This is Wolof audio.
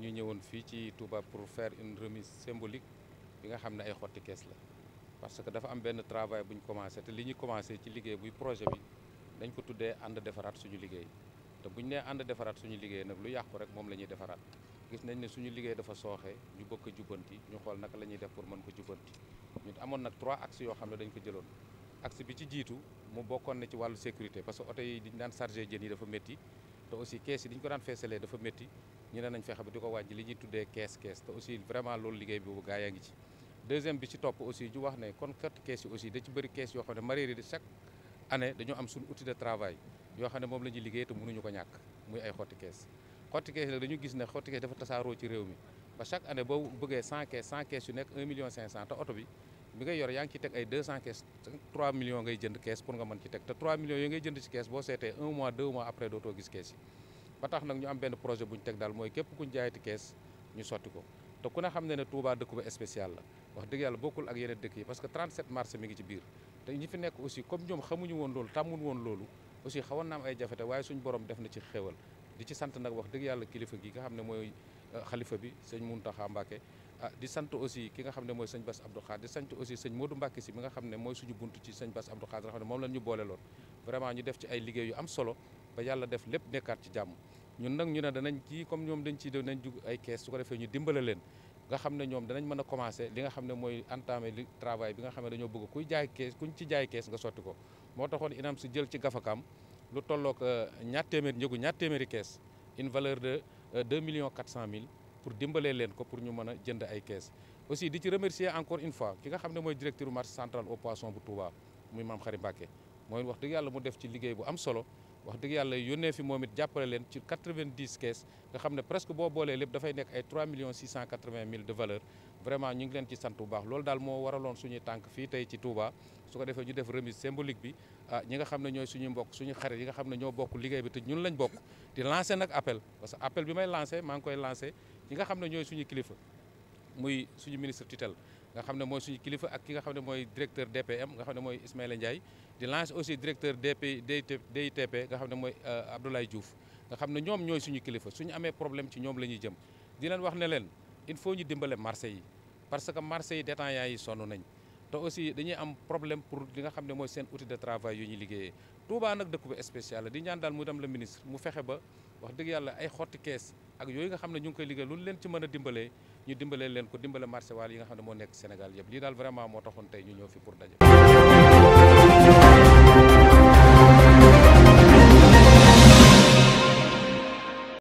ñu ñëwoon fii ci Touba pour faire une remise symbolique bi nga xam ne ay xotti kees la parce que dafa am benn travail bu ñu commencé te li ñu commencé ci liggéey buy projet bi dañ ko tuddee defaraat suñu liggéey te bu nee ànd defaraat suñu liggéey nag lu yàqu rek moom la ñuy defaraat gis nañ ne suñu liggéey dafa sooxe ñu bëgg a jubanti ñu xool naka la ñuy def pour mën ko jubanti ñu amoon nag trois axes yoo xam ne dañ ko jëloon axe bi ci jiitu mu bokkoon na ci wàllu sécurité parce que oto diñ daan chargé jën yi dafa métti te aussi kees yi diñ ko daan feesalee dafa métti ñu ne nañ fexe ba di ko wàññi li ñuy tuddee kees kees te aussi vraiment loolu liggéey boobu gaa yaa ngi ci deuxième bi ci topp aussi ju wax ne kon kat kees yi aussi ko ñàkk muy ay xotti kees xotti kees nag dañu gis ne xotti kees dafa tasaaroo ci réew mi ba chaque année boo bëggee 100 kees 100 kees yu nekk 1 million 500 te oto bi bi ngay yor yaa ngi ci teg ay kees 3 millions ngay jënd kees pour nga mën ci teg te 3 millions yi ngay jënd ci kees boo seetee 1 mois 2 mois après dootoo gis ba tax nag ñu am benn projet bu ñu teg daal mooy képp ku ñu jaayati kees ñu sotti ko te ku ne xam ne ne Touba dëkk ba spécial la wax dëgg yàlla bokkul ak yeneen dëkk yi parce que 37 mars mi ngi ci biir te ñi fi nekk aussi comme ñoom xamuñu woon loolu tàmmuñu woon loolu aussi xawoon na am ay jafete waaye suñu borom def na ci xéwal di ci sant nag wax dëgg yàlla kilifa gi nga xam ne mooy euh, xalifa bi sëñ Mountakha Mbacké ah di sant aussi ki nga xam ne mooy sëñ Bass Abdou Khadre di sant aussi sëñ nga xam ne suñu bunt ci sëñ Bass Abdou ñu boole loon vraiment ñu ay liggéey yu am solo ba yàlla def lépp nekkaat ci ñun nag ñu ne danañ ci comme ñoom dañ ciy def nañ jug ay kees su ko defee ñu dimbale leen nga xam ne ñoom danañ mën a commencé li nga xam ne mooy entamé li travail bi nga xam ne dañoo bëgg kuy jaay kees kuñ ci jaay kees nga sotti ko moo taxoon inam si jël ci gafakam lu tolloog euh, ñaar téeméer njëgu ñaar téeméeri kees une valeur de 2 euh, millions 400 mille pour dimbalee leen ko pour ñu mën a jënd ay kees aussi di ci remercier encore une fois ki nga xam ne mooy directeur marché central au poisson bu Touba muy maam mooy wax dëgg yàlla mu def ci liggéey bu am solo wax dëgg yàlla yónnee fi moom it jàppale leen ci 90 caisses nga xam ne presque boo boolee lépp dafay nekk ay 3 millions 680 mille de valeur vraiment ñu ngi leen ci sant bu baax loolu daal moo waraloon suñuy tànk fii tey ci Touba su ko defee ñu def remise symbolique bi ah ñi nga xam ne ñooy suñu mbokk suñu xarit yi nga xam ne ñoo bokk liggéey bi te ñun lañ bokk di lancé nag appel parce que appel bi may lancé maa ngi koy xam ne ñooy suñu kilifa muy suñu ministre tutelle nga xam ne mooy suñu kilifa ak ki nga xam ne mooy directeur DPM nga xam ne mooy Ismaïla Ndiaye di lancer aussi directeur DP DITP nga xam ne mooy euh, Abdoulaye Diouf nga xam ne ñoom ñooy suñu kilifa suñu amee problème ci ñoom la ñuy jëm di leen wax ne leen il faut ñu dimbale marché yi parce que marché yi détaillants yi sonn nañ te aussi dañuy am problème pour li nga xam ne mooy seen outil de travail yu ñuy liggéeyee Touba nag dëkk bu spécial la di dem le ministre mu fexe ba wax dëgg yàlla ay xotti kees ak yooyu nga xam ne ñu ngi koy liggéey lu leen ci mën a dimbalee ñu dimbale leen ko dimbale marché waal yi nga xam ne moo nekk Sénégal yëpp lii daal vraiment moo taxoon tey ñu ñëw fi pour daje.